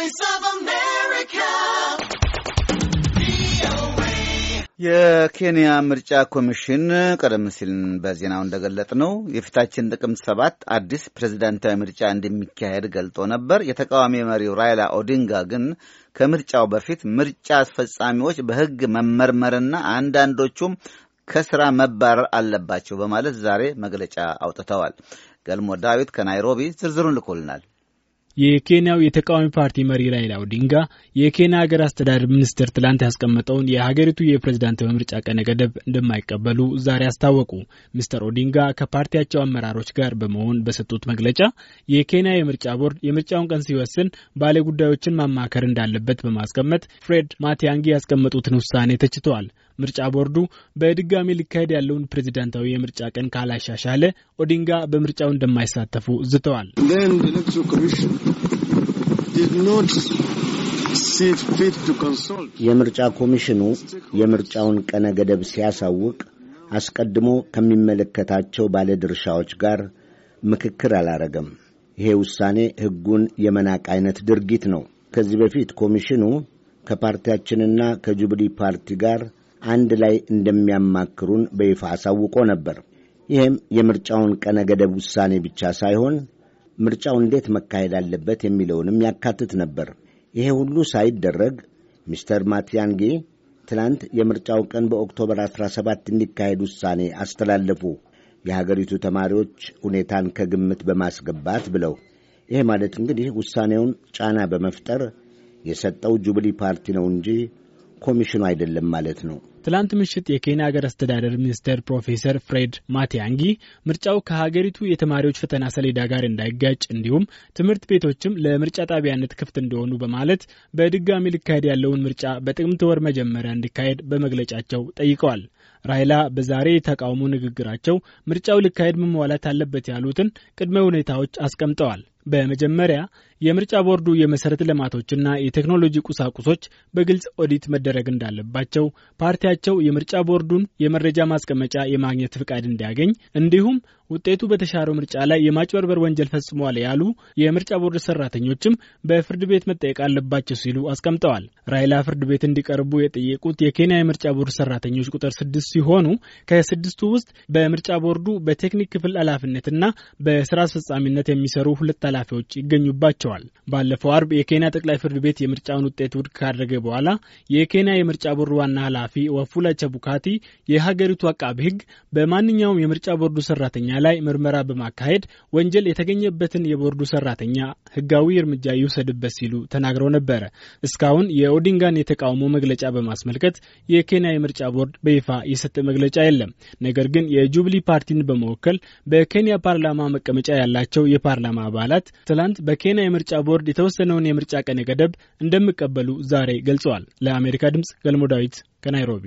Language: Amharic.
Voice of America. የኬንያ ምርጫ ኮሚሽን ቀደም ሲል በዜናው እንደገለጥ ነው የፊታችን ጥቅምት ሰባት አዲስ ፕሬዝዳንታዊ ምርጫ እንደሚካሄድ ገልጦ ነበር። የተቃዋሚ መሪው ራይላ ኦዲንጋ ግን ከምርጫው በፊት ምርጫ አስፈጻሚዎች በሕግ መመርመርና አንዳንዶቹም ከስራ መባረር አለባቸው በማለት ዛሬ መግለጫ አውጥተዋል። ገልሞ ዳዊት ከናይሮቢ ዝርዝሩን ልኮልናል። የኬንያው የተቃዋሚ ፓርቲ መሪ ራይላ ኦዲንጋ የኬንያ ሀገር አስተዳደር ሚኒስትር ትላንት ያስቀመጠውን የሀገሪቱ የፕሬዝዳንታዊ ምርጫ ቀነ ገደብ እንደማይቀበሉ ዛሬ አስታወቁ። ሚስተር ኦዲንጋ ከፓርቲያቸው አመራሮች ጋር በመሆን በሰጡት መግለጫ የኬንያ የምርጫ ቦርድ የምርጫውን ቀን ሲወስን ባለጉዳዮችን ጉዳዮችን ማማከር እንዳለበት በማስቀመጥ ፍሬድ ማቲያንጊ ያስቀመጡትን ውሳኔ ተችተዋል። ምርጫ ቦርዱ በድጋሚ ሊካሄድ ያለውን ፕሬዚዳንታዊ የምርጫ ቀን ካላሻሻለ ኦዲንጋ በምርጫው እንደማይሳተፉ ዝተዋል። የምርጫ ኮሚሽኑ የምርጫውን ቀነ ገደብ ሲያሳውቅ አስቀድሞ ከሚመለከታቸው ባለድርሻዎች ጋር ምክክር አላረገም። ይሄ ውሳኔ ሕጉን የመናቅ አይነት ድርጊት ነው። ከዚህ በፊት ኮሚሽኑ ከፓርቲያችንና ከጁብሊ ፓርቲ ጋር አንድ ላይ እንደሚያማክሩን በይፋ አሳውቆ ነበር። ይህም የምርጫውን ቀነ ገደብ ውሳኔ ብቻ ሳይሆን ምርጫው እንዴት መካሄድ አለበት የሚለውንም ያካትት ነበር። ይሄ ሁሉ ሳይደረግ ሚስተር ማትያንጌ ትናንት የምርጫው ቀን በኦክቶበር 17 እንዲካሄድ ውሳኔ አስተላለፉ፣ የሀገሪቱ ተማሪዎች ሁኔታን ከግምት በማስገባት ብለው። ይሄ ማለት እንግዲህ ውሳኔውን ጫና በመፍጠር የሰጠው ጁብሊ ፓርቲ ነው እንጂ ኮሚሽኑ አይደለም ማለት ነው። ትላንት ምሽት የኬንያ ሀገር አስተዳደር ሚኒስትር ፕሮፌሰር ፍሬድ ማቲያንጊ ምርጫው ከሀገሪቱ የተማሪዎች ፈተና ሰሌዳ ጋር እንዳይጋጭ እንዲሁም ትምህርት ቤቶችም ለምርጫ ጣቢያነት ክፍት እንደሆኑ በማለት በድጋሚ ሊካሄድ ያለውን ምርጫ በጥቅምት ወር መጀመሪያ እንዲካሄድ በመግለጫቸው ጠይቀዋል። ራይላ በዛሬ የተቃውሞ ንግግራቸው ምርጫው ሊካሄድ መሟላት አለበት ያሉትን ቅድመ ሁኔታዎች አስቀምጠዋል። በመጀመሪያ የምርጫ ቦርዱ የመሠረተ ልማቶችና የቴክኖሎጂ ቁሳቁሶች በግልጽ ኦዲት መደረግ እንዳለባቸው፣ ፓርቲያቸው የምርጫ ቦርዱን የመረጃ ማስቀመጫ የማግኘት ፍቃድ እንዲያገኝ እንዲሁም ውጤቱ በተሻረው ምርጫ ላይ የማጭበርበር ወንጀል ፈጽሟል ያሉ የምርጫ ቦርድ ሰራተኞችም በፍርድ ቤት መጠየቅ አለባቸው ሲሉ አስቀምጠዋል። ራይላ ፍርድ ቤት እንዲቀርቡ የጠየቁት የኬንያ የምርጫ ቦርድ ሰራተኞች ቁጥር ስድስት ሲሆኑ ከስድስቱ ውስጥ በምርጫ ቦርዱ በቴክኒክ ክፍል ኃላፊነትና በስራ አስፈጻሚነት የሚሰሩ ሁለት ኃላፊዎች ይገኙባቸዋል። ተሰጥቷቸዋል። ባለፈው አርብ የኬንያ ጠቅላይ ፍርድ ቤት የምርጫውን ውጤት ውድቅ ካደረገ በኋላ የኬንያ የምርጫ ቦርድ ዋና ኃላፊ ወፉላ ቸቡካቲ የሀገሪቱ አቃቢ ሕግ በማንኛውም የምርጫ ቦርዱ ሰራተኛ ላይ ምርመራ በማካሄድ ወንጀል የተገኘበትን የቦርዱ ሰራተኛ ሕጋዊ እርምጃ ይውሰድበት ሲሉ ተናግረው ነበረ። እስካሁን የኦዲንጋን የተቃውሞ መግለጫ በማስመልከት የኬንያ የምርጫ ቦርድ በይፋ የሰጠ መግለጫ የለም። ነገር ግን የጁብሊ ፓርቲን በመወከል በኬንያ ፓርላማ መቀመጫ ያላቸው የፓርላማ አባላት ትላንት በኬንያ ምርጫ ቦርድ የተወሰነውን የምርጫ ቀን ገደብ እንደሚቀበሉ ዛሬ ገልጸዋል። ለአሜሪካ ድምጽ ገልሞ ዳዊት ከናይሮቢ